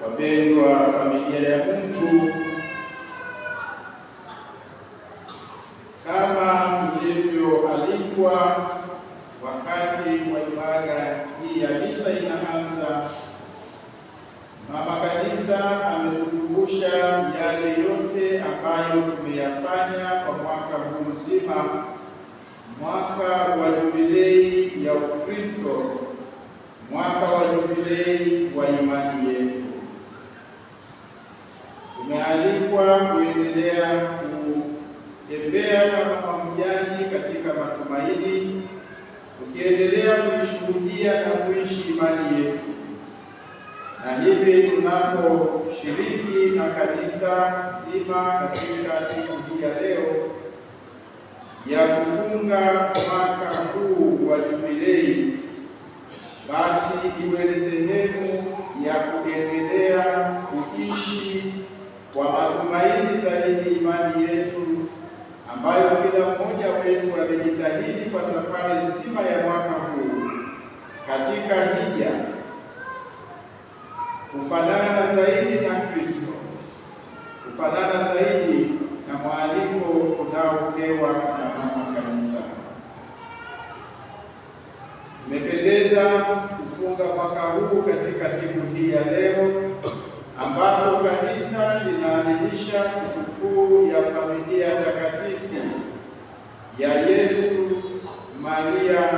wapendwa familia ya Mungu, kama ilivyoalikwa wakati wa ibada hii ya misa inaanza, mama kanisa ametukumbusha yale yote ambayo tumeyafanya kwa mwaka huu mzima, mwaka wa jubilei ya Ukristo, mwaka wa jubilei wa imani yetu umealikwa kuendelea kutembea kama mahujaji katika matumaini, tukiendelea kuishuhudia na kuishi imani yetu, na hivi tunaposhiriki na kanisa zima katika siku hii ya leo ya kufunga mwaka huu wa jubilei, basi iwe ni sehemu ya kuendelea kuishi kwa matumaini zaidi imani yetu ambayo kila mmoja wetu amejitahidi kwa safari nzima ya mwaka huu katika hija kufanana zaidi na Kristo, kufanana zaidi na mwaliko unaopewa na mama Kanisa. Imependeza kufunga mwaka huu katika siku hii ya leo ambapo kanisa linaadhimisha sikukuu ya familia takatifu ya Yesu, Maria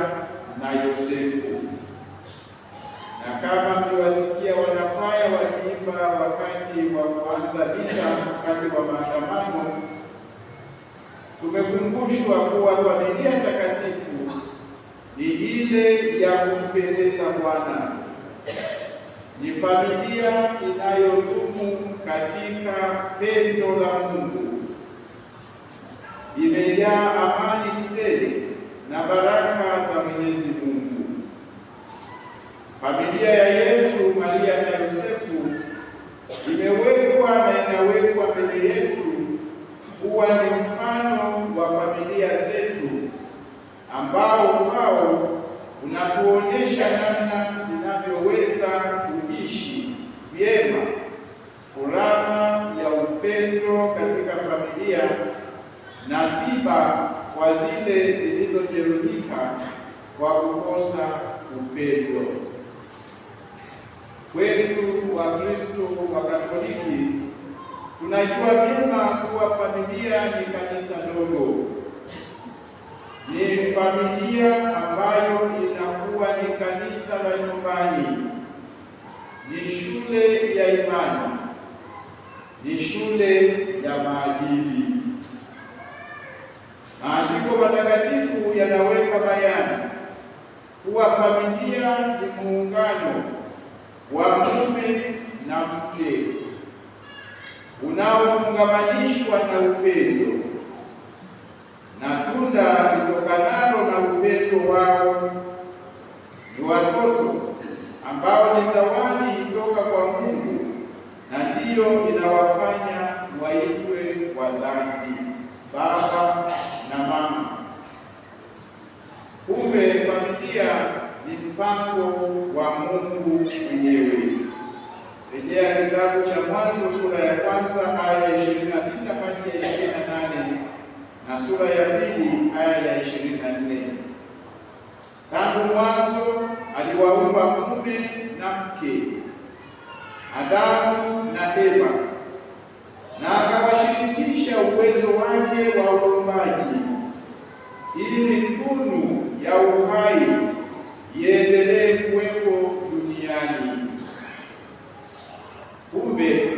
na Yosefu. Na kama mliwasikia wanafaya wakiimba wakati wa kuanza misa, wakati wa maandamano, tumekumbushwa kuwa familia takatifu ni ile ya kumpendeza Bwana ni familia inayodumu katika pendo la Mungu, imejaa amani tele na baraka za Mwenyezi Mungu. Familia ya Yesu, Maria na Yosefu imewekwa na inawekwa mbele yetu kuwa ni mfano wa familia zetu ambao wao unatuonyesha namna pamoja na tiba kwa zile zilizojeruhika kwa kukosa upendo. Kwetu Wakristo wa Katoliki tunajua vyema kuwa familia ni kanisa dogo, ni familia ambayo inakuwa ni kanisa la nyumbani, ni shule ya imani, ni shule ya maadili. Maandiko matakatifu yanaweka bayana kuwa familia ni muungano wa mume na mke unaofungamanishwa na upendo na tunda litokanalo na upendo wao ni watoto ambao ni zawadi kutoka kwa Mungu na ndiyo inawafanya waelewe wazazi, baba na mama. Kumbe familia ni mpango wa Mungu mwenyewe. Rejea kitabu cha Mwanzo sura ya kwanza aya ya ishirini na sita hadi ya ishirini na nane na sura ya pili aya ya ishirini na nne Tangu mwanzo aliwaumba mume na mke, Adamu na Eva na akawashirikisha uwezo wake wa uumbaji ili tunu ya uhai iendelee kuwepo duniani. Kumbe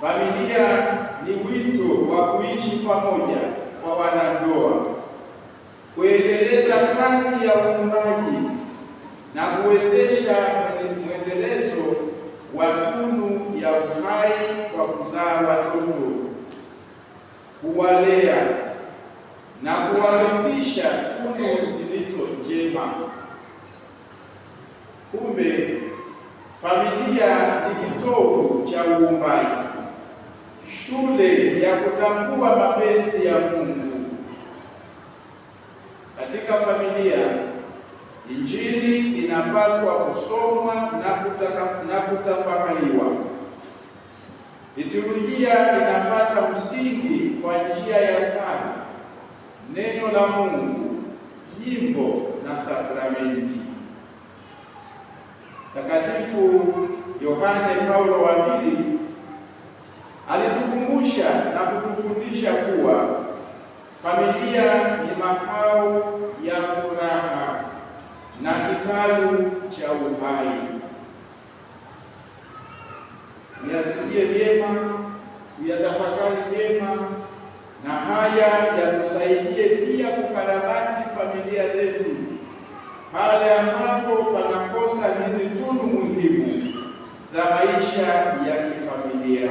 familia ni wito wa kuishi pamoja kwa wanandoa, kuendeleza kazi ya uumbaji na kuwezesha mwendelezo watunu ya uhai kwa kuzaa watoto, kuwalea na kuwarithisha tunu zilizo njema. Kumbe familia ni kitovu cha uumbaji, shule ya kutambua mapenzi ya Mungu. Katika familia Injili inapaswa kusomwa na kutafakariwa. Liturujia inapata msingi kwa njia ya sala, neno la Mungu, nyimbo na sakramenti. takatifu Yohane Paulo wa Pili alitukumbusha na kutufundisha kuwa familia ni makao ya furaha na kitalu cha uhai. Uyasikie vyema, uyatafakari vyema, na haya yatusaidie pia kukarabati familia zetu pale ambapo panakosa hizi tunu muhimu za maisha ya kifamilia.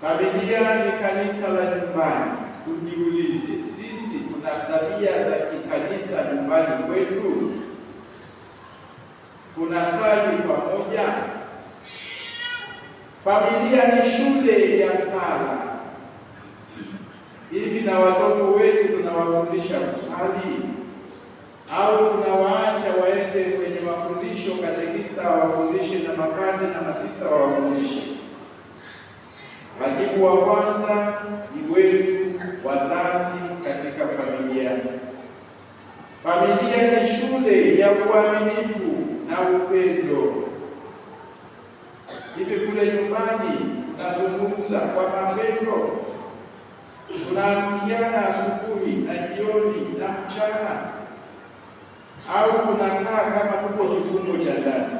Familia ni kanisa la nyumbani tujiulize, sisi tuna tabia za kikanisa nyumbani kwetu? Tunasali pamoja? Familia ni shule ya sala. Hivi na watoto wetu tunawafundisha kusali au tunawaacha waende kwenye mafundisho, katekista wafundishe na makadi na masista wawafundishe? Wajibu wa kwanza ni wetu wazazi katika familia. Familia ni shule ya uaminifu na upendo. Hivi kule nyumbani tunazungumza kwa mapendo, tunaamkiana asubuhi na jioni na mchana, au tunakaa kama tuko kifungo cha ndani?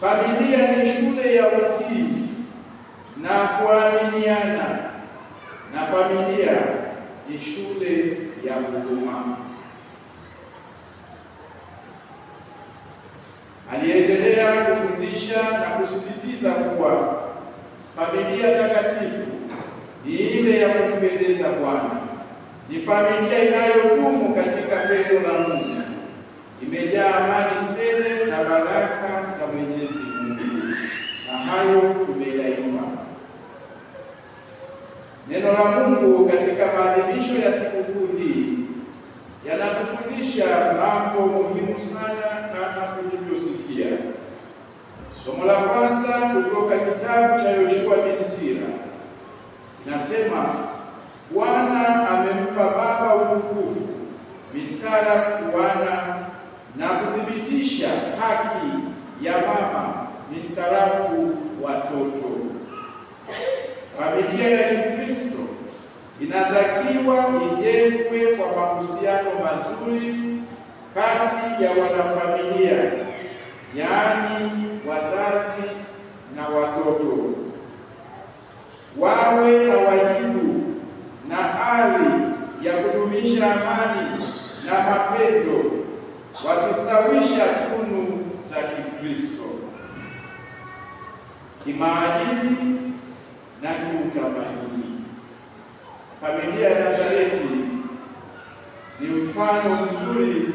Familia ni shule ya utii na kuaminiana na familia ni shule ya huduma. Aliendelea kufundisha na kusisitiza kuwa familia takatifu ni ile ya kumpendeza Bwana, ni familia inayodumu katika pendo la Mungu, imejaa amani tele na baraka za Mwenyezi Mungu, na hayo tumeyaimba. Neno la Mungu katika maadhimisho ya sikukuu hii yanatufundisha mambo muhimu sana kama tulivyosikia. Somo la kwanza kutoka kitabu cha Yoshua bin Sira inasema Bwana amempa baba utukufu mitara kuana na kuthibitisha haki ya mama mintarafu watoto familia ya Kristo inatakiwa ijengwe kwa mahusiano mazuri kati ya wanafamilia, yaani wazazi na watoto, wawe na wajibu na ali ya kudumisha amani na mapendo, wakistawisha tunu za Kikristo kimaadili na kiutamaduni. Familia ya Nazareti ni mfano mzuri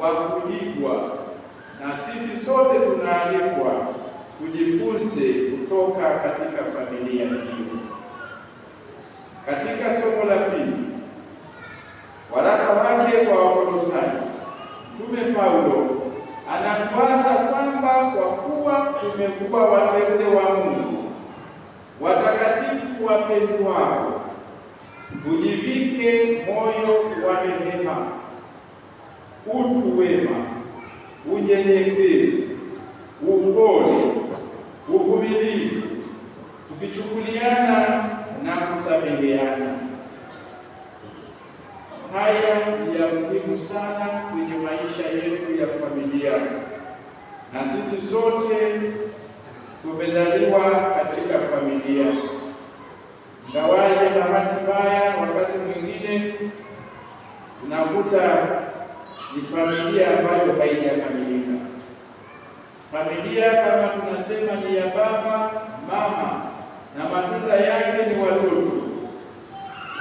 wa kuigwa, na sisi sote tunaalikwa tujifunze kutoka katika familia hiyo. Katika somo la pili, waraka wake kwa Wakolosai, Mtume Paulo anatuasa kwamba kwa kuwa tumekuwa wateule wa Mungu, watakatifu wapendwao tujivike moyo wa rehema, utu wema, unyenyekevu, upole, uvumilivu, tukichukuliana na kusameheana. Haya ya muhimu sana kwenye maisha yetu ya familia, na sisi sote tumezaliwa katika familia wale bahati mbaya, wakati mwingine tunakuta ni familia ambayo haijakamilika. Familia kama tunasema ni ya baba mama, na matunda yake ni watoto.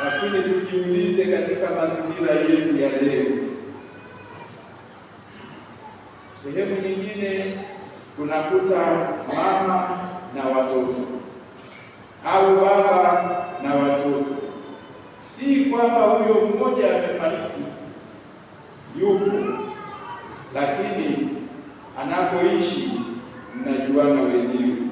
Lakini tujiulize katika mazingira yetu ya leo, sehemu nyingine tunakuta mama na watoto au baba na watoto. Si kwamba huyo mmoja amefariki yupo, lakini anapoishi mnajuana wenyewe.